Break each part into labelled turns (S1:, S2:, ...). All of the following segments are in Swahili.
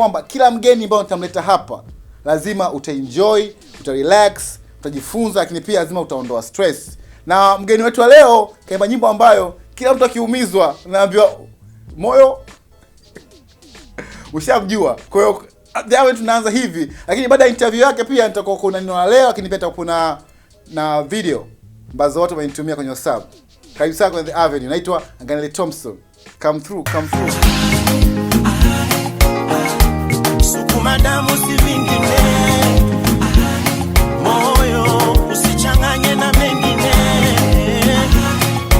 S1: kwamba kila mgeni ambayo nitamleta hapa lazima utaenjoy, utarelax, utajifunza, lakini pia lazima utaondoa stress. Na mgeni wetu wa leo kaimba nyimbo ambayo kila mtu akiumizwa naambiwa moyo ushamjua. Kwa hiyo dawe tunaanza hivi, lakini baada ya interview yake pia nitakuwa kuna neno la leo, lakini pia nitakuwa na na video ambazo watu wamenitumia kwenye WhatsApp. Karibu sana kwenye The Avenue. Naitwa Nganele Thompson. Come through, come through. madamu si vingine, moyo usichanganye na mengine,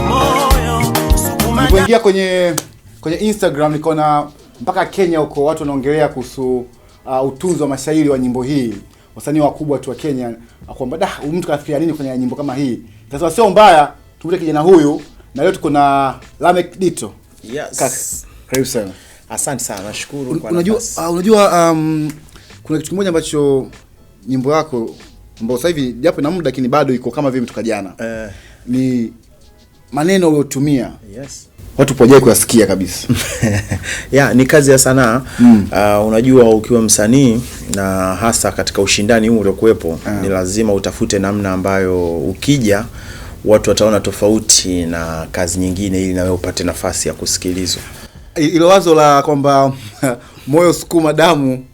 S1: moyo sukuma. kwenye kwenye Instagram nikaona mpaka Kenya huko watu wanaongelea kuhusu uh, utunzi wa mashairi wa nyimbo hii, wasanii wakubwa tu wa Kenya kwamba da, mtu kafikiria nini kwenye nyimbo kama hii? Sasa sio mbaya, tumlete kijana huyu na leo tuko na lamek dito
S2: Yes. karibu sana. Asante sana, nashukuru kwa
S1: unajua, uh, unajua um, kuna kitu kimoja ambacho nyimbo yako ambayo sasa hivi japo ina muda lakini bado iko kama vile mtoka jana uh, eh. ni maneno uliyotumia yes. Watu pojae kuyasikia kabisa
S2: ya ni kazi ya sanaa mm. Uh, unajua ukiwa msanii na hasa katika ushindani huu uliokuwepo uh. Ni lazima utafute namna ambayo ukija watu wataona tofauti na kazi nyingine, ili nawe upate nafasi ya kusikilizwa
S1: ilo wazo la kwamba moyo sukuma damu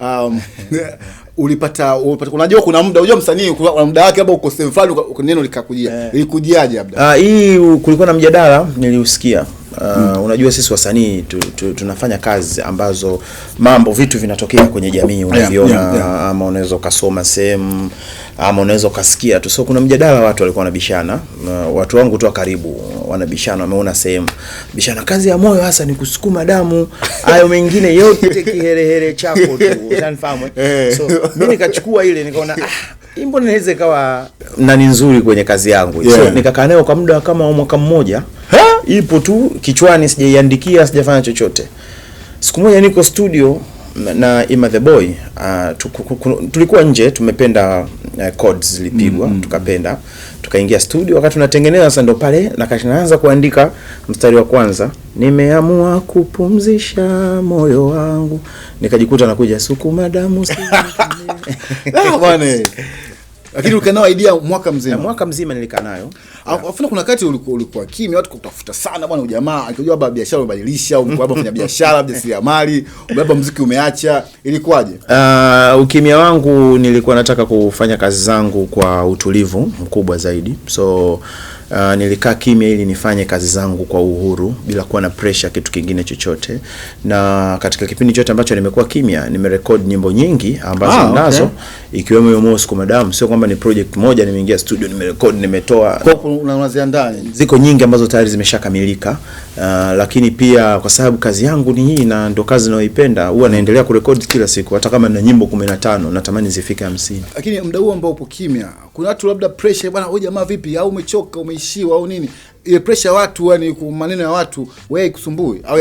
S1: um, ulipata ulipata, unajua kuna muda, unajua msanii kuna muda wake, labda uko sehemu fulani neno likakujia, eh. ilikujiaje?
S2: Labda ah, hii kulikuwa na mjadala niliusikia Uh, unajua sisi wasanii tu, tu, tunafanya kazi ambazo mambo vitu vinatokea kwenye jamii unaviona, yeah, yeah, yeah. Ama unaweza ukasoma sehemu ama unaweza ukasikia tu, so kuna mjadala, watu walikuwa wanabishana, uh, watu wangu tu karibu wanabishana, wameona sehemu bishana, kazi ya moyo hasa ni kusukuma damu, hayo mengine yote kiherehere chako tu, unanifahamu eh? eh. So mimi nikachukua ile nikaona ah, imbo inaweza ikawa nani nzuri kwenye kazi yangu yeah. So nikakaa nayo kwa muda kama mwaka mmoja ha? ipo tu kichwani, sijaiandikia, sijafanya chochote. Siku moja niko studio na Ima the Boy uh, tulikuwa nje tumependa uh, chords zilipigwa mm -hmm. Tukapenda tukaingia studio, wakati tunatengeneza sasa, ndo pale nakanaanza kuandika mstari wa kwanza, nimeamua kupumzisha moyo wangu, nikajikuta nakuja sukuma damu
S1: lakini ulikuwa nayo idea mwaka mzima?
S2: Mwaka mzima nilikaa nayo
S1: afuna. Kuna kati ulikuwa ulikuwa kimya, watu kutafuta sana bwana, ujamaa akijua baba biashara umebadilisha, au labda fanya biashara, mjasiriamali, labda muziki umeacha, ilikuwaje?
S2: Uh, ukimya wangu nilikuwa nataka kufanya kazi zangu kwa utulivu mkubwa zaidi so Uh, nilikaa kimya ili nifanye kazi zangu kwa uhuru bila kuwa na pressure kitu kingine chochote, na katika kipindi chote ambacho nimekuwa kimya nimerekodi nyimbo nyingi ambazo ah, nazo okay, ikiwemo hiyo Moscow Madam. Sio kwamba ni project moja nimeingia studio nimerekodi nimetoa, ziko nyingi ambazo tayari zimeshakamilika. Uh, lakini pia kwa sababu kazi yangu ni hii na ndo kazi ninayoipenda, huwa naendelea kurekodi kila siku, hata kama na nyimbo 15 natamani zifike 50.
S1: Lakini muda huo ambao upo kimya, kuna watu labda pressure bwana, wewe jamaa vipi, au umechoka ume unaishiwa au nini, ile pressure watu, yani maneno ya watu wewe ikusumbui au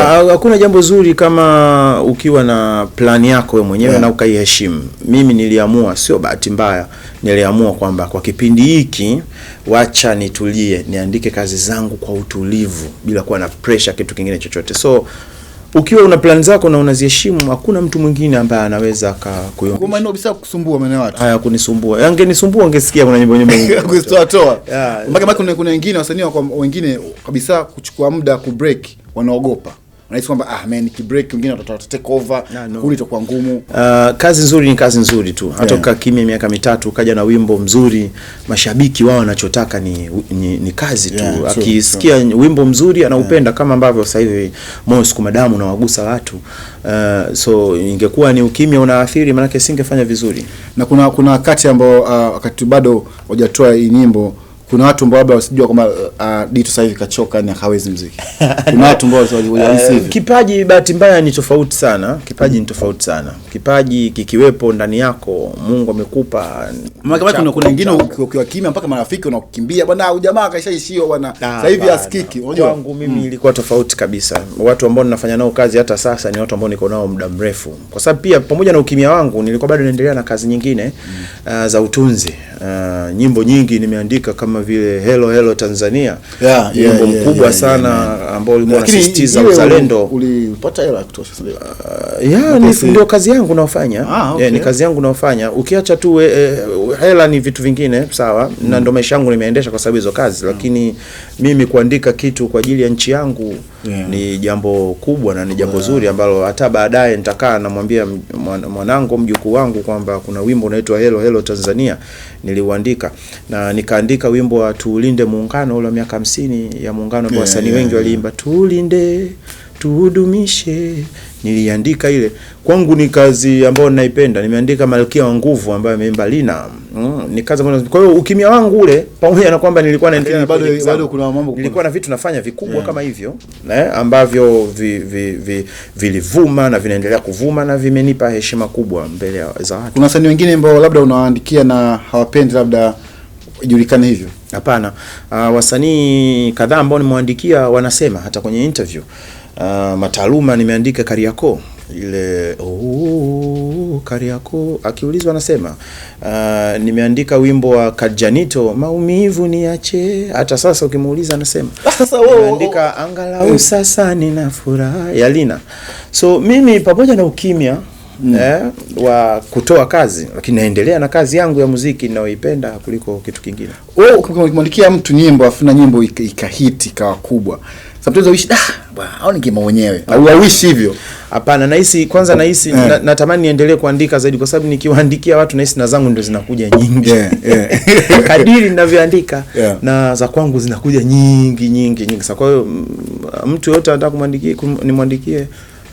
S2: ah, Hakuna jambo zuri kama ukiwa na plani yako wewe mwenyewe yeah, na ukaiheshimu. Mimi niliamua, sio bahati mbaya, niliamua kwamba kwa kipindi hiki wacha nitulie, niandike kazi zangu kwa utulivu bila kuwa na pressure kitu kingine chochote so ukiwa una plan zako na unaziheshimu, hakuna mtu mwingine ambaye anaweza akakuyonga.
S1: Ngoma ino bisa kusumbua maneno watu.
S2: Haya kunisumbua. Yangenisumbua ungesikia kuna nyimbo nyimbo
S1: nyingi. toa. Mbaka mbaka kuna wengine wasanii wengine kabisa kuchukua muda ku break wanaogopa unahisi kwamba ah man kibreak wengine watata take over nah, no. kuli itakuwa ngumu.
S2: Uh, kazi nzuri ni kazi nzuri tu hata yeah. kimya miaka mitatu ukaja na wimbo mzuri, mashabiki wao wanachotaka ni, ni, ni kazi tu yeah, akisikia wimbo mzuri anaupenda yeah. Kama ambavyo sasa hivi moyo sukuma damu unawagusa watu uh, so ingekuwa ni ukimya unaathiri, maana singefanya vizuri.
S1: Na kuna kuna wakati ambao uh, wakati bado hujatoa hii nyimbo kuna watu ambao labda wasijua kwamba uh, uh Dito sasa hivi kachoka na hawezi muziki. Kuna watu ambao wajihisi uh, eh,
S2: kipaji bahati mbaya ni tofauti sana. Kipaji mm. ni tofauti sana. Kipaji kikiwepo ndani yako, Mungu amekupa.
S1: mwaka. kama kuna kuna wengine ukiwa kimya mpaka marafiki wanakukimbia, bwana ujamaa kaishaishiwa bwana. Sasa hivi asikiki. Unajua
S2: wangu mimi mm. ilikuwa tofauti kabisa. Watu ambao ninafanya nao kazi hata sasa ni watu ambao niko nao muda mrefu. Kwa sababu pia pamoja na ukimya wangu nilikuwa bado naendelea na kazi nyingine mm. uh, za utunzi. Uh, nyimbo nyingi nimeandika kama kama vile Hello Hello Tanzania
S1: yeah, yeah, wimbo yeah, mkubwa
S2: yeah, yeah, sana yeah, yeah. ambao ulikuwa unasisitiza uzalendo.
S1: Ulipata hela kutosha?
S2: Uh, yeah, ni ndio kazi yangu naofanya. Ah, eh, okay. Yeah, ni kazi yangu naofanya. Ukiacha tu e, e, hela ni vitu vingine sawa, mm. na ndio maisha yangu nimeendesha kwa sababu hizo kazi mm. lakini mimi kuandika kitu kwa ajili ya nchi yangu yeah. ni jambo kubwa na ni jambo yeah. zuri ambalo hata baadaye nitakaa namwambia mwanangu mjukuu wangu kwamba kuna wimbo unaitwa Hello Hello Tanzania niliuandika na nikaandika wimbo wimbo wa tuulinde muungano ule wa miaka hamsini ya muungano ambao wasanii yeah, yeah, wengi waliimba tuulinde tuhudumishe. Niliandika ile kwangu, ni kazi ambayo ninaipenda. Nimeandika Malkia wa Nguvu ambayo ameimba Lina mm, ni kazi ambayo. Kwa hiyo ukimya wangu ule, pamoja na kwamba nilikuwa naendelea, bado bado kuna mambo, nilikuwa na vitu nafanya vikubwa yeah, kama hivyo na eh, ambavyo vi, vi, vi, vilivuma na vinaendelea kuvuma na vimenipa heshima kubwa mbele za watu.
S1: Kuna wasanii wengine ambao labda unawaandikia na hawapendi labda ijulikane hivyo
S2: Hapana. Uh, wasanii kadhaa ambao nimewaandikia wanasema hata kwenye interview uh, ah, mataaluma nimeandika Kariakoo ile uh, Kariakoo akiulizwa anasema uh, nimeandika wimbo wa Kajanito maumivu niache. Hata sasa ukimuuliza anasema sasa wewe unaandika angalau sasa nina furaha ya Lina. So mimi pamoja na ukimya mm. eh, wa kutoa kazi, lakini naendelea na kazi yangu ya muziki ninayoipenda kuliko kitu kingine.
S1: Wewe ukimwandikia mtu nyimbo afu na nyimbo ikahiti ika ikawa kubwa, sometimes uishi da ah, bwana, au ningema mwenyewe au hauishi hivyo?
S2: Hapana, nahisi kwanza, nahisi yeah. na, natamani niendelee kuandika zaidi, kwa sababu nikiwaandikia watu nahisi na zangu ndio zinakuja nyingi yeah, yeah. kadiri ninavyoandika yeah. na za kwangu zinakuja nyingi nyingi nyingi. Kwa hiyo mm, mtu yote anataka kumwandikia nimwandikie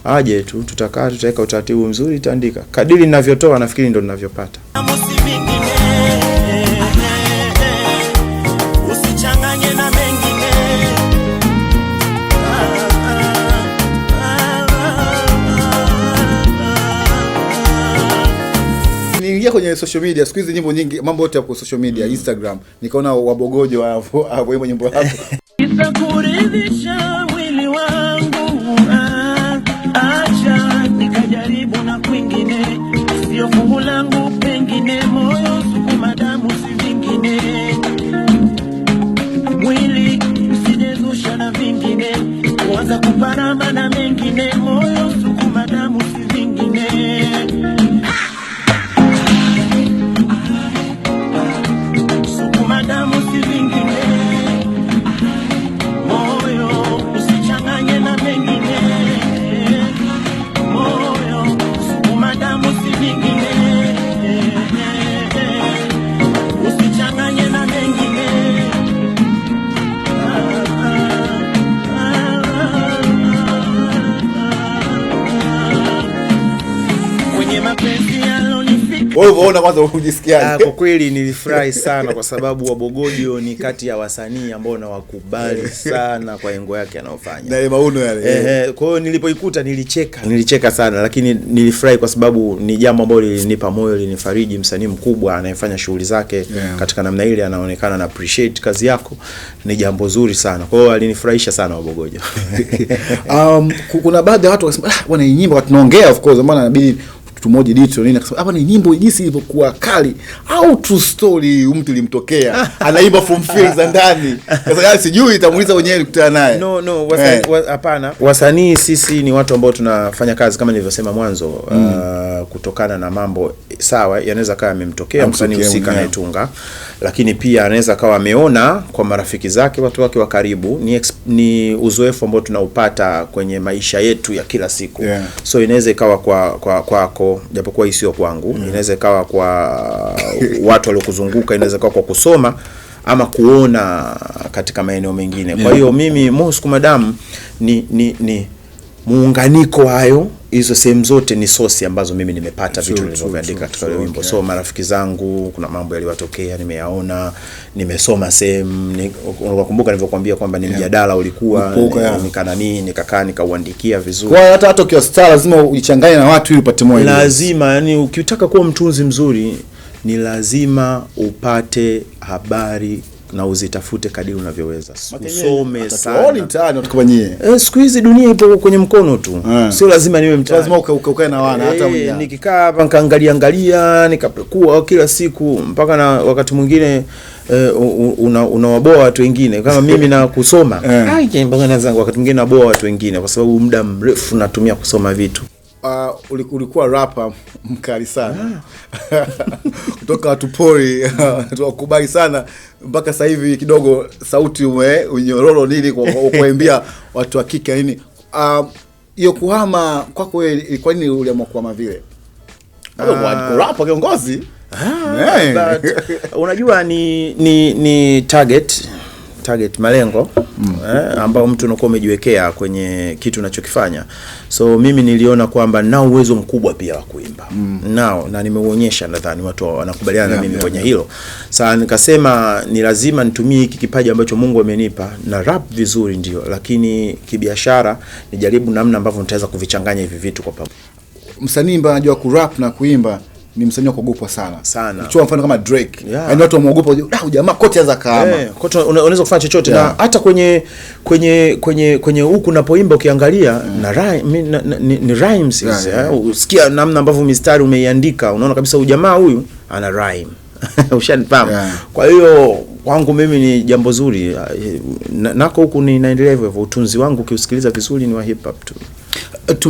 S2: aje tu, tutakaa tutaweka utaratibu mzuri, itaandika kadiri ninavyotoa, nafikiri ndo ninavyopata.
S1: kwenye social media, siku hizi nyimbo nyingi, mambo yote yako social media, mm. Instagram, nikaona wabogojo hapo hapo, nyimbo hapo ndio fungu langu, pengine moyo sukuma damu, si vingine. Mwili usijezusha na vingine, kuanza kuparama na mengine, moyo Unaona kwanza unajisikiaje? Ah,
S2: kwa kweli nilifurahi sana kwa sababu Wabogojo ni kati ya wasanii ambao nawakubali sana kwa engo yake anayofanya.
S1: Na ile mauno yale.
S2: Eh, kwa hiyo nilipoikuta nilicheka. Nilicheka sana lakini nilifurahi kwa sababu ni jambo ambalo lilinipa moyo, lilinifariji msanii mkubwa anayefanya shughuli zake yeah. Katika namna ile anaonekana na appreciate kazi yako. Ni jambo zuri sana. Kwa hiyo alinifurahisha sana Wabogojo.
S1: um, kuna baadhi ya watu wakasema ah, wana nyimbo tunaongea of course maana inabidi mtu mmoja dito nini akasema hapa ni nyimbo jinsi ilivyokuwa kali, au true story, mtu ilimtokea anaimba from feel za ndani. Sasa sijui itamuuliza wenyewe nikutana naye.
S2: No no, eh. hapana, wasanii eh, wasanii sisi ni watu ambao tunafanya kazi kama nilivyosema mwanzo mm. uh, Uh, kutokana na mambo sawa, yanaweza kawa yamemtokea msanii husika anayetunga, lakini pia anaweza kawa ameona kwa marafiki zake, watu wake wa karibu. Ni, ni uzoefu ambao tunaupata kwenye maisha yetu ya kila siku yeah. So inaweza ikawa kwa kwako kwa, kwa, japokuwa hii sio kwangu mm. Inaweza ikawa kwa watu waliokuzunguka, inaweza ikawa kwa kusoma ama kuona katika maeneo mengine yeah. Kwa hiyo mimi Mo Sukuma Damu ni, ni, ni muunganiko hayo hizo sehemu zote ni sosi ambazo mimi nimepata vitu nilivyoandika katika wimbo. So marafiki zangu, kuna mambo yaliwatokea, nimeyaona, nimesoma sehemu. Unakumbuka nilivyokuambia kwamba ni mjadala ulikuwa nikanani, nikakaa nikauandikia vizuri.
S1: Kwa hata hata ukiwa star lazima ujichanganye na watu ili upate moyo.
S2: Lazima yani, ukitaka kuwa mtunzi mzuri ni lazima upate habari na uzitafute kadiri unavyoweza,
S1: usome sana.
S2: E, siku hizi dunia ipo kwenye mkono tu yeah. Sio lazima niwe mtaani, lazima ukae na wana hata e, nikikaa hapa nikaangalia angalia nikapekua kila siku mpaka na wakati mwingine e, unawaboa una watu wengine kama mimi na kusoma yeah. Ai, wakati mwingine naboa watu wengine kwa sababu muda mrefu natumia kusoma vitu
S1: uh, ulikuwa rapa mkali sana ah. kutoka watupori tuwakubali sana mpaka sasa hivi kidogo sauti ume unyororo nini kwa kuambia watu wa kike nini uh, hiyo uh, kuhama kwako wewe kwa nini uliamua kuhama vile ah. rapa kiongozi
S2: Ah, yeah. But, unajua ni ni ni target target malengo mm. eh, ambao mtu unakuwa umejiwekea kwenye kitu unachokifanya. So mimi niliona kwamba na uwezo mkubwa pia wa kuimba mm. nao na nimeuonyesha, nadhani watu wanakubaliana yeah, na mimi yeah, kwenye hilo. Sasa nikasema ni lazima nitumie hiki kipaji ambacho Mungu amenipa na rap vizuri, ndio lakini kibiashara nijaribu namna ambavyo nitaweza kuvichanganya hivi vitu kwa pamoja.
S1: Msanii ambaye anajua kurap na kuimba ni msanii wa kuogopwa sana sana. Ukichukua mfano kama Drake, yeah. Yaani watu wameogopa, ah, jamaa kote anza kaama. Yeah,
S2: kote unaweza kufanya chochote yeah. Na hata kwenye kwenye kwenye kwenye huku unapoimba ukiangalia mm. na, rhyme, na, na ni, ni rhymes yeah, yeah. Yeah. Usikia namna ambavyo mistari umeiandika unaona kabisa ujamaa huyu ana rhyme ushanipam yeah. Kwa hiyo kwangu mimi ni jambo zuri eh, nako huku ninaendelea hivyo hivyo. Utunzi wangu ukiusikiliza vizuri ni wa hip hop tu.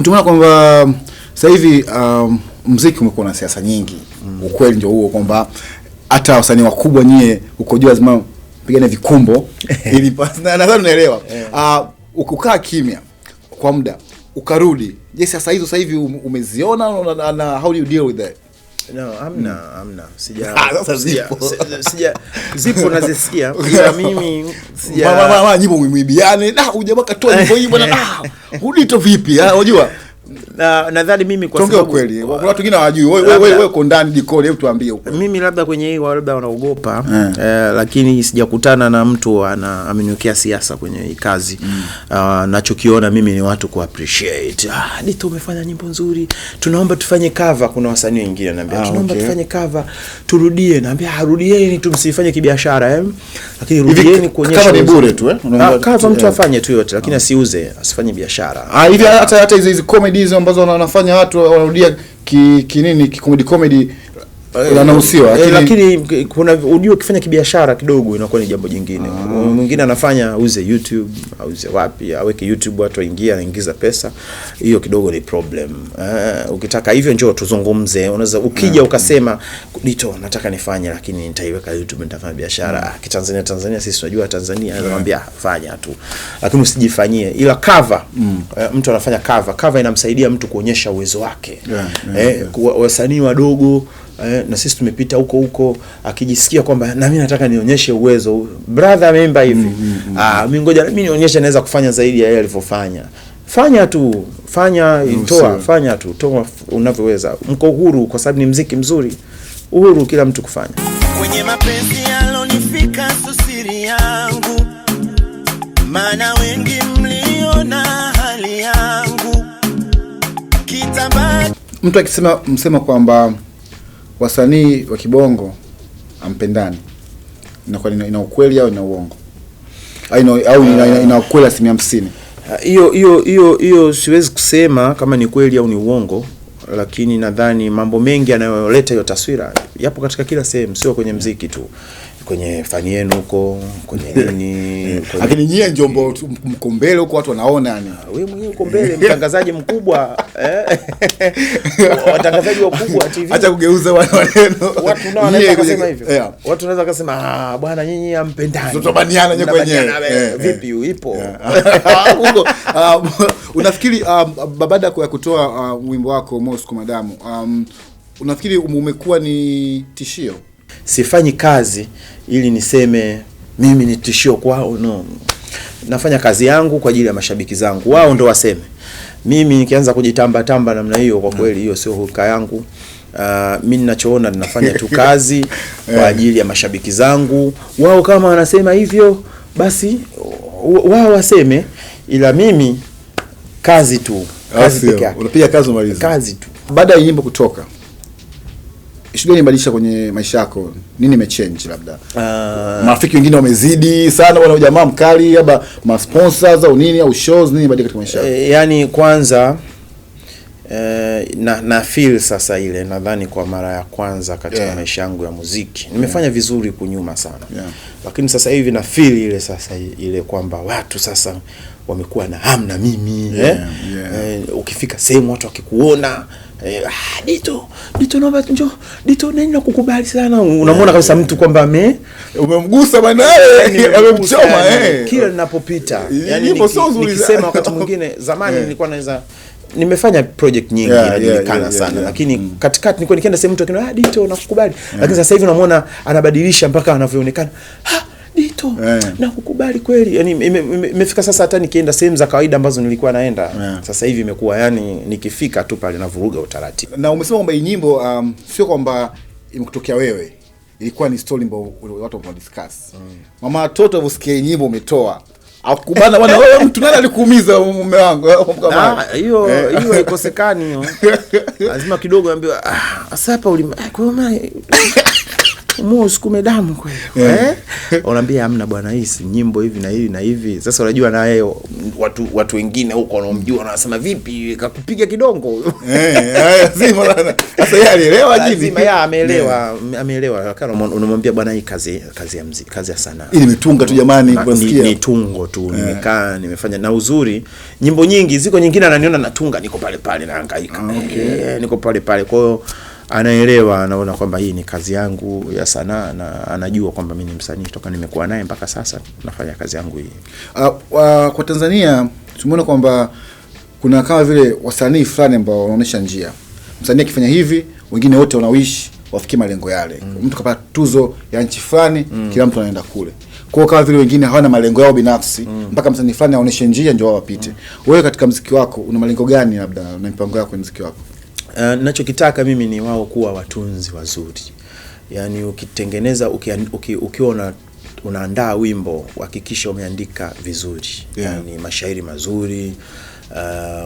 S1: Tumeona kwamba sasa hivi um, mziki umekuwa na siasa nyingi mm. Ukweli ndio huo kwamba hata wasanii wakubwa nyie uko juu lazima pigane vikumbo ili nadhani unaelewa yeah. Eh. Uh, ukukaa kimya kwa muda ukarudi, je, siasa hizo sasa hivi um-, umeziona na, na na, how do you deal with that?
S2: No, amna hmm. amna, sija ah, sija, zipo nazisikia, ila mimi
S1: sija mama mama, nyimbo mwibiane na ujamaa katoa nyimbo hii bwana, ah udito vipi ah, unajua
S2: na nadhani mimi
S1: kwa sababu kweli watu wengine hawajui, wewe wewe uko ndani jikoni, hebu tuambie huko.
S2: Mimi labda kwenye hii labda wanaogopa eh. Eh, lakini sijakutana na mtu ana siasa kwenye hii kazi mm. Uh, nachokiona mimi ni watu ku appreciate ah, umefanya nyimbo nzuri, tunaomba tufanye cover. Kuna wasanii wengine naambia ah, tunaomba okay. tufanye cover turudie, naambia harudieni ah, tumsifanye kibiashara eh,
S1: lakini rudieni kuonyesha kama ni bure tu eh, ah,
S2: unaomba cover mtu eh. afanye tu yote, lakini asiuze, asifanye biashara
S1: ah, hivi hata hata comedy hizo ambazo wanafanya watu wanarudia ki, ki nini ki comedy comedy
S2: Eh, anahusiwa e, eh, lakini kuna ujue, ukifanya kibiashara kidogo inakuwa ni jambo jingine. Ah. Mwingine anafanya auze YouTube, auze wapi, aweke YouTube, watu waingia, anaingiza pesa, hiyo kidogo ni problem. Uh, ukitaka hivyo njoo tuzungumze. Unaweza ukija ah. ukasema Dito, nataka nifanye, lakini nitaiweka YouTube, nitafanya biashara ah. kitanzania. Tanzania sisi tunajua Tanzania, anamwambia fanya tu, lakini usijifanyie, ila cover mm. Uh, mtu anafanya cover, cover inamsaidia mtu kuonyesha uwezo wake yeah, yeah, eh, yeah. Wasanii wadogo eh, na sisi tumepita huko huko, akijisikia kwamba na mimi nataka nionyeshe uwezo brother ameimba hivi mm mm. mm. Ah, mimi ngoja mimi nionyeshe naweza kufanya zaidi ya yeye alivyofanya. Fanya tu fanya itoa fanya tu toa unavyoweza, mko huru kwa sababu ni mziki mzuri, uhuru kila mtu kufanya kwenye mapenzi yalonifika, siri yangu maana
S1: wengi mliona hali yangu kitaba. Mtu akisema msema kwamba wasanii wa kibongo ampendani, inakuwa ina ukweli au ina uongo au ina, au ina, ina ukweli asilimia hamsini.
S2: Hiyo hiyo hiyo hiyo siwezi kusema kama ni kweli au ni uongo, lakini nadhani mambo mengi yanayoleta hiyo taswira yapo katika kila sehemu, sio kwenye mziki tu kwenye fani yenu huko kwenye nini,
S1: lakini nyie Njombo mko mbele huko, watu wanaona yani.
S2: Wewe ah, mwenyewe uko mbele, mtangazaji mkubwa eh, watangazaji wakubwa TV.
S1: Acha kugeuza wale maneno,
S2: watu nao wanaweza kusema hivyo, yeah. watu wanaweza kusema ah, bwana nyinyi ampendani
S1: tutobaniana nyewe kwenye
S2: vipi, uipo huko.
S1: Um, unafikiri um, baada ya kutoa uh, wimbo wako Mosco Madamu, um, unafikiri umekuwa ni tishio?
S2: Sifanyi kazi ili niseme mimi ni tishio kwao, no. Nafanya kazi yangu kwa ajili ya mashabiki zangu, wao ndo waseme. Mimi nikianza kujitamba tamba namna hiyo, kwa mm. kweli hiyo sio hulka yangu. Uh, ah, mi ninachoona ninafanya tu kazi kwa ajili ya mashabiki zangu. Wao kama wanasema hivyo, basi wao waseme, ila mimi kazi tu,
S1: kazi ah, pekee, unapiga kazi umaliza kazi tu. Baada ya nyimbo kutoka kitu gani imebadilisha kwenye maisha yako? Nini imechange? Labda uh, marafiki wengine wamezidi sana, wana ujamaa mkali, labda masponsors au nini au shows, nini imebadilika katika maisha yako?
S2: Eh, yani kwanza eh, na, na feel sasa ile nadhani kwa mara ya kwanza katika yeah. maisha yangu ya muziki nimefanya yeah. vizuri kunyuma sana yeah. lakini sasa hivi na feel ile sasa ile kwamba watu sasa wamekuwa na hamna mimi eh? yeah. Eh? Yeah. Eh, ukifika sehemu watu wakikuona Eh, ah, Dito, Dito naomba njoo. Dito nani na kukubali sana. Unamwona kabisa mtu kwamba ame
S1: umemgusa bwana eh, yaani eh amemchoma yaani eh.
S2: Kila ninapopita. Yaani nikisema wakati mwingine zamani nilikuwa naweza nimefanya project nyingi yeah, inajulikana yeah, yeah, sana yeah, Lakini mm. Katikati nilikuwa nikienda sehemu mtu akiniambia ah, Dito nakukubali yeah. Lakini sasa hivi unamwona anabadilisha mpaka anavyoonekana. Dito yeah. na kukubali kweli, yani imefika sasa, hata nikienda sehemu za kawaida ambazo nilikuwa naenda yeah. Sasa hivi imekuwa yani nikifika tu pale navuruga utaratibu.
S1: Na umesema kwamba hii nyimbo um, sio kwamba imekutokea wewe, ilikuwa ni story ambayo watu discuss mm. Mama watoto usikia hii nyimbo umetoa akubana bwana, wewe mtu nani alikuumiza mume wangu? Kama
S2: ah, Hiyo eh. hiyo haikosekani, hiyo lazima kidogo ambiwa. Ah, sasa hapa ulima eh, Mo usukume damu kweli. Eh? Unaambia amna bwana, hii si nyimbo hivi na hivi na hivi. Sasa unajua na yeye watu watu wengine huko wanaomjua wanasema vipi kakupiga kidongo. Eh, haya
S1: sima sana. Sasa yeye alielewa
S2: jini. Sima yeye ameelewa, ameelewa. Kama unamwambia bwana, hii kazi kazi ya muziki, kazi ya sanaa.
S1: Hii nimetunga tu jamani, kusikia. Ni
S2: tungo tu, eh. nimekaa, nimefanya na uzuri. Nyimbo nyingi ziko nyingine ananiona natunga niko pale pale nahangaika. Ah, okay. Eh, niko pale pale. Kwa hiyo anaelewa, anaona kwamba hii ni kazi yangu ya sanaa na anajua kwamba mimi ni msanii toka nimekuwa naye mpaka sasa nafanya kazi yangu hii.
S1: Uh, uh, kwa Tanzania tumeona kwamba kuna kama vile wasanii fulani ambao wanaonyesha njia, msanii akifanya hivi wengine wote wanawishi wafikie malengo yale. Mm. Mtu kapata tuzo ya nchi fulani, mm. kila mtu anaenda kule kwa kama vile wengine hawana malengo yao binafsi mm. mpaka msanii fulani aoneshe njia ndio wao wapite. Mm. Wewe katika mziki wako una malengo gani, labda na mipango yako ya mziki wako?
S2: Eh, Nachokitaka mimi ni wao kuwa watunzi wazuri, yaani ukitengeneza uki, uki, ukiwa una unaandaa wimbo hakikisha umeandika vizuri yeah. Yaani mashairi mazuri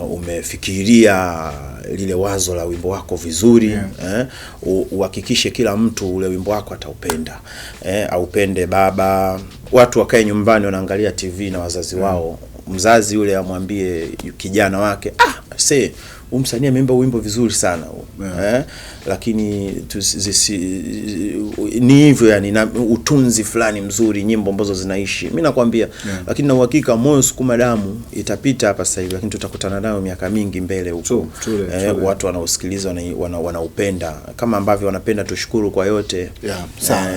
S2: uh, umefikiria lile wazo la wimbo wako vizuri yeah. Eh, uhakikishe kila mtu ule wimbo wako ataupenda eh, aupende baba, watu wakae nyumbani wanaangalia TV na wazazi yeah. wao, mzazi yule amwambie kijana wake ah, se huyu msanii ameimba wimbo vizuri sana yeah. Eh, lakini tuzisi, ni hivyo yani, na utunzi fulani mzuri, nyimbo ambazo zinaishi, mi nakwambia yeah. Lakini na uhakika moyo sukuma damu itapita hapa sasa hivi, lakini tutakutana nayo miaka mingi mbele huko eh, watu wanaosikiliza wanaupenda, wana, wana kama ambavyo wanapenda tushukuru kwa yote yeah.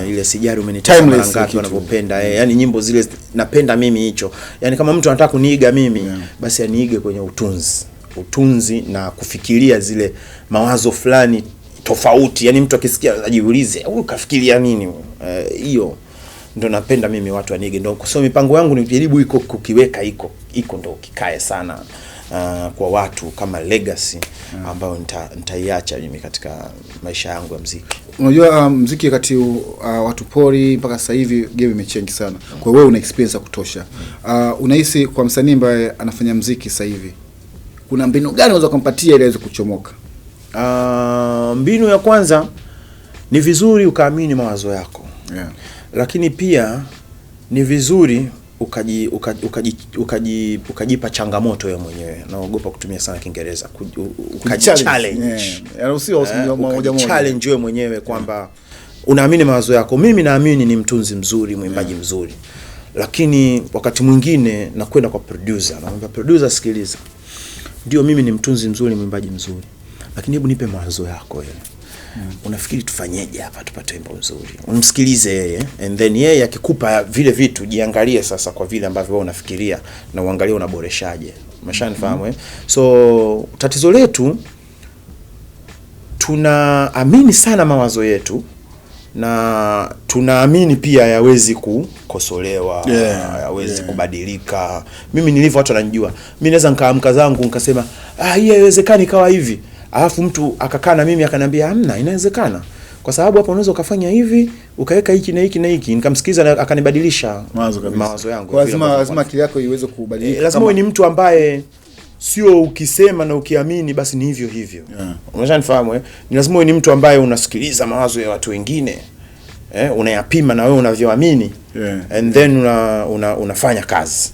S2: Eh, ile sijari umenitaka mara ngapi wanavyopenda eh, yani nyimbo zile napenda mimi hicho, yani kama mtu anataka kuniiga mimi yeah. Basi aniige kwenye utunzi utunzi na kufikiria zile mawazo fulani tofauti, yani mtu akisikia ajiulize, huyu kafikiria nini? Eh, hiyo e, ndo napenda mimi watu wanige, ndo so mipango yangu nijaribu iko kukiweka iko iko ndo kikae sana uh, kwa watu kama legacy hmm, ambayo nitaiacha mimi katika maisha yangu ya mziki.
S1: Unajua ah, mziki kati uh, ah, watu pori mpaka sasa hivi game imechange sana, kwa hiyo wewe una experience ya kutosha. Uh, unahisi kwa msanii ambaye anafanya mziki sasa hivi kuna mbinu gani unaweza kumpatia ili aweze kuchomoka?
S2: Uh, mbinu ya kwanza ni vizuri ukaamini mawazo yako yeah. Lakini pia ni vizuri ukaji, ukaji, ukaji, ukaji, ukajipa changamoto wewe mwenyewe. Naogopa kutumia sana Kiingereza, challenge wewe mwenyewe kwamba unaamini mawazo yako. Mimi naamini ni mtunzi mzuri, mwimbaji yeah. mzuri, lakini wakati mwingine nakwenda kwa producer, naomba producer, sikiliza ndio mimi ni mtunzi mzuri, mwimbaji mzuri, lakini hebu nipe mawazo yako wewe. Hmm. Unafikiri tufanyeje hapa tupate wimbo mzuri? Unamsikilize yeye and then yeye akikupa vile vitu, jiangalie sasa kwa vile ambavyo wewe unafikiria na uangalie unaboreshaje. Umeshanifahamu? Mm -hmm. Eh? So tatizo letu tunaamini sana mawazo yetu na tunaamini pia yawezi kukosolewa, yeah, yawezi yeah, kubadilika. Mimi nilivyo, watu wananijua mimi, naweza nikaamka zangu nikasema ah, hii haiwezekani kawa hivi, alafu mtu akakaa na mimi akaniambia hamna, inawezekana kwa sababu hapa unaweza ukafanya hivi ukaweka hiki na hiki na hiki. Nikamsikiliza akanibadilisha mawazo yangu.
S1: Lazima akili yako iweze kubadilika,
S2: eh, lazima uwe ni mtu ambaye sio ukisema na ukiamini basi ni hivyo hivyo yeah. Umeshanifahamu eh? Ni lazima ni mtu ambaye unasikiliza mawazo ya watu wengine eh, unayapima na wewe unavyoamini yeah. and then una, una, unafanya kazi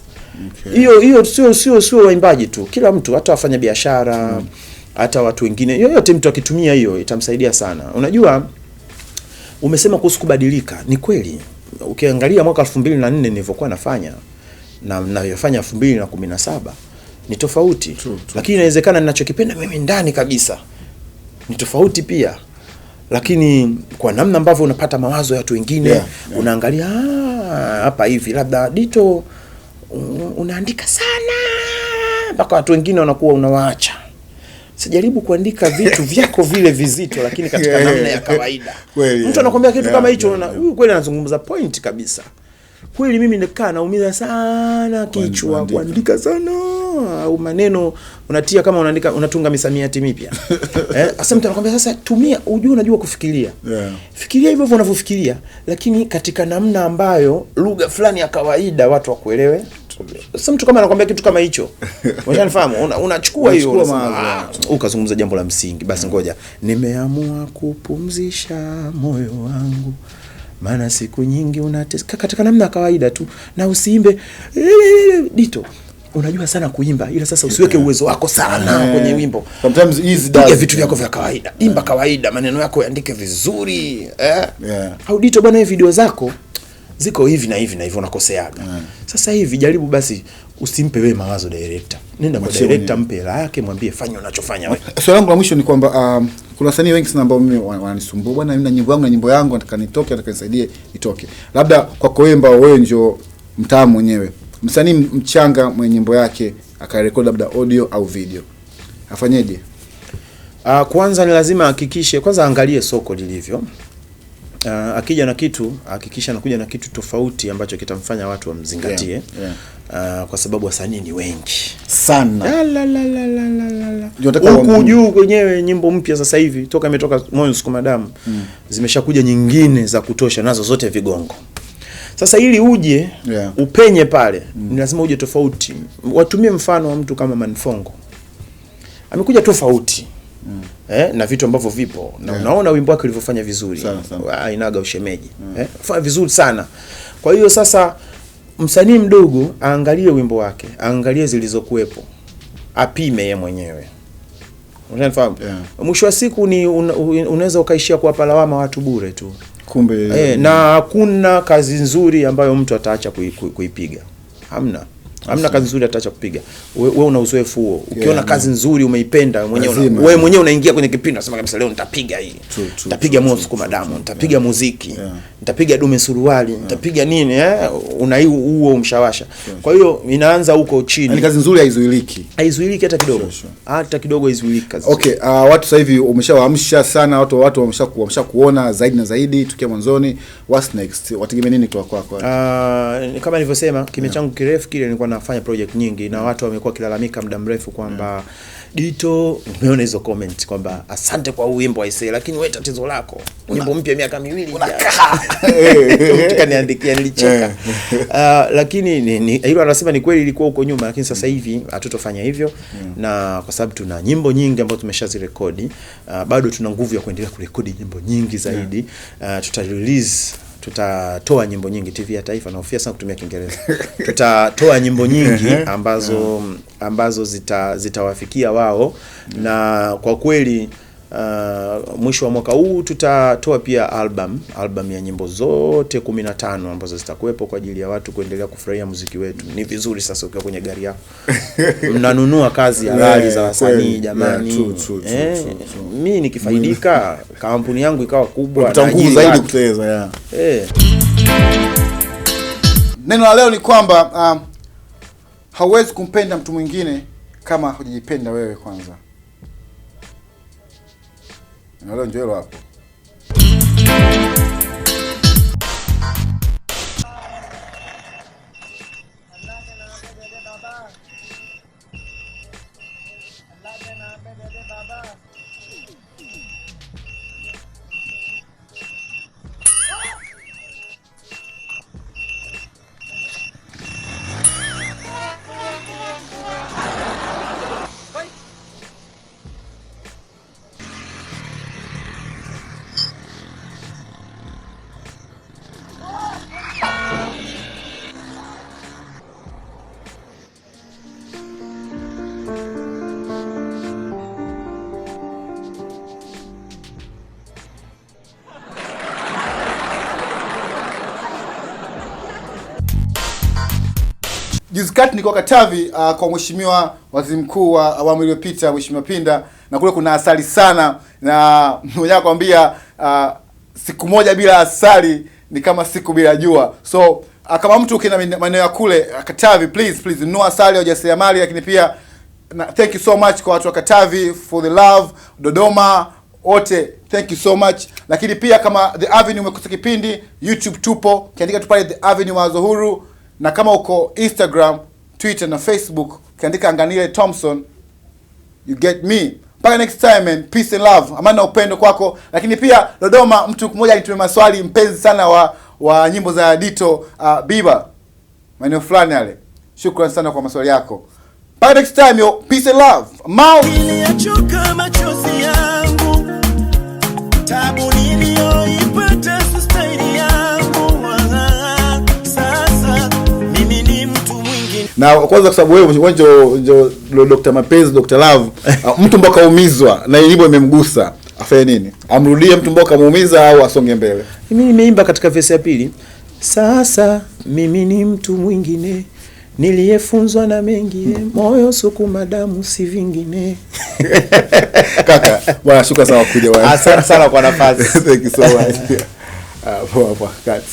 S2: hiyo okay. Hiyo sio sio sio waimbaji tu, kila mtu, hata wafanya biashara mm. hata watu wengine yoyote, mtu akitumia hiyo itamsaidia sana. Unajua, umesema kuhusu kubadilika, ni kweli. Ukiangalia mwaka 2004 nilivyokuwa nafanya na ninavyofanya 2017 ni tofauti true, true. Lakini inawezekana ninachokipenda mimi ndani kabisa ni tofauti pia, lakini kwa namna ambavyo unapata mawazo ya watu wengine yeah, yeah. Unaangalia ah, hapa hivi labda Dito unaandika sana mpaka watu wengine wanakuwa unawaacha sijaribu kuandika vitu vyako vile vizito, lakini katika yeah, namna ya kawaida well, yeah. Mtu anakuambia kitu yeah, kama hicho yeah, huyu yeah. Kweli anazungumza point kabisa kweli mimi nikaa naumiza sana kichwa kuandika sana au maneno unatia kama unaandika unatunga misamiati mipya eh, sasa mtu anakuambia sasa tumia ujue unajua kufikiria yeah. fikiria hivyo hivyo unavyofikiria lakini katika namna ambayo lugha fulani ya kawaida watu wakuelewe sasa mtu kama anakuambia kitu kama hicho unashanifahamu unachukua hiyo ah, ukazungumza jambo la msingi basi mm. ngoja nimeamua kupumzisha moyo wangu maana siku nyingi unateseka katika namna ya kawaida tu, na usiimbe dito unajua sana kuimba, ila sasa usiweke uwezo wako sana yeah, kwenye wimbo.
S1: Sometimes easy does ya
S2: vitu vyako vya kawaida, imba kawaida, maneno yako yaandike vizuri eh? yeah. dito bwana, video zako ziko hivi na hivi na hivi, unakoseaga mm. Sasa hivi jaribu basi, usimpe wewe mawazo director, nenda kwa director, mpe hela yake, mwambie fanya unachofanya wewe.
S1: Swali langu la mwisho ni kwamba um, kuna wasanii wengi sana ambao mimi wananisumbua, bwana, mimi na nyimbo yangu na nyimbo yangu nataka nitoke, nataka nisaidie itoke. Labda kwako wewe, ambao wewe ndio mtaa mwenyewe, msanii mchanga mwenye nyimbo yake akarekodi labda audio au video, afanyeje?
S2: Uh, kwanza ni lazima ahakikishe kwanza, angalie soko lilivyo Uh, akija na kitu hakikisha anakuja na kitu tofauti ambacho kitamfanya watu wamzingatie, yeah, yeah. Uh, kwa sababu wasanii ni wengi
S1: sana
S2: huku juu kwenyewe. Nyimbo mpya sasa hivi toka imetoka moyo sukuma damu mm. Zimeshakuja nyingine za kutosha, nazo zote vigongo. Sasa ili uje yeah. upenye pale mm. ni lazima uje tofauti. Watumie mfano wa mtu kama manfongo amekuja tofauti mm eh, na vitu ambavyo vipo na yeah. Unaona wimbo wake ulivyofanya vizuri, ainaga ah, ushemeji mm. Eh, fanya vizuri sana. Kwa hiyo sasa msanii mdogo aangalie wimbo wake, aangalie zilizokuwepo, apime ye mwenyewe unanifahamu yeah. Mwisho wa siku ni unaweza ukaishia kuwapa lawama watu bure tu kumbe, eh, mm. na hakuna kazi nzuri ambayo mtu ataacha kuipiga kui, hamna Hamna kazi nzuri hata cha kupiga. Wewe una uzoefu huo. Ukiona yeah, kazi nzuri umeipenda mwenyewe wewe mwenyewe unaingia kwenye kipindi unasema kabisa leo nitapiga hii. Nitapiga moto kwa madamu, nitapiga muziki, yeah, nitapiga dume suruali, yeah, nitapiga nini eh? Una hiyo huo mshawasha. Kwa hiyo inaanza huko chini. Yaani
S1: kazi nzuri haizuiliki.
S2: Haizuiliki hata kidogo. Hata kidogo haizuiliki
S1: kazi. Okay, uh, watu sasa hivi umeshawaamsha sana watu watu wamesha kuona zaidi na zaidi tukiwa mwanzoni. What's next? Wategemea nini kwa kwako?
S2: Ah, uh, kama nilivyosema kimechangu kirefu kile nilikuwa wanafanya project nyingi na watu wamekuwa kilalamika muda mrefu kwamba Dito, umeona hizo comment kwamba asante kwa wimbo aisee, lakini wewe tatizo lako wimbo mpya miaka miwili tukaniandikia, nilicheka. Uh, lakini hilo anasema ni kweli, ilikuwa huko nyuma, lakini sasa mm. hivi hatutofanya hivyo mm. na kwa sababu tuna nyimbo nyingi ambazo tumeshazirekodi. Uh, bado tuna nguvu ya kuendelea kurekodi nyimbo nyingi zaidi. Uh, tuta release tutatoa nyimbo nyingi. TV ya Taifa nahofia sana kutumia Kiingereza. tutatoa nyimbo nyingi ambazo ambazo zitawafikia zita wao, na kwa kweli uh, mwisho wa mwaka huu tutatoa pia album album ya nyimbo zote 15 ambazo zitakuwepo kwa ajili ya watu kuendelea kufurahia muziki wetu. Ni vizuri sasa ukiwa kwenye gari yako mnanunua kazi halali za eh, wasanii
S1: jamani. Eh,
S2: mimi nikifaidika kampuni yangu ikawa kubwa
S1: na nguvu zaidi kuteleza ya. Eh. Neno la leo ni kwamba um, hauwezi kumpenda mtu mwingine kama hujajipenda wewe kwanza. Laranjeiro, ó. Juzi kati nilikuwa Katavi uh, kwa mheshimiwa waziri mkuu wa awamu iliyopita Mheshimiwa Pinda, na kule kuna asali sana, na mmoja akwambia uh, siku moja bila asali ni kama siku bila jua. So uh, kama mtu ukina maeneo ya kule uh, Katavi, please please nunua asali ya jasiriamali, lakini pia na, thank you so much kwa watu wa Katavi for the love. Dodoma wote thank you so much, lakini pia kama The Avenue umekusa kipindi YouTube tupo, kiandika tu pale The Avenue Mawazo Huru na kama uko Instagram, Twitter na Facebook, ukiandika Anganile Thompson you get me. Mpaka next time and peace and love, amani na upendo kwako. Lakini pia Dodoma, mtu mmoja alitumia maswali, mpenzi sana wa wa nyimbo za Dito uh, Biba maeneo fulani yale. Shukran sana kwa maswali yako. Mpaka next time yo, peace and love. Mau. na kwanza kwa sababu wewe ndio Dr. Mapenzi Dr. Love ah, mtu mpaka kaumizwa na nyimbo imemgusa afanye nini? Amrudie mtu mpaka kamuumiza au asonge mbele? Mimi nimeimba katika verse ya pili, sasa mimi ni mtu mwingine niliyefunzwa na mengine, hmm. moyo sukuma damu si vingine. Kaka bwana, shuka sawa kuja bwana, asante sana kwa nafasi. Thank you so much. Uh, poa poa, kati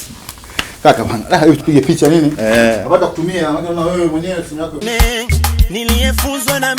S1: kaka bwana, ah, hiyo tupige picha nini? Eh, hapata kutumia, unaona wewe mwenyewe simu yako niliyefunzwa na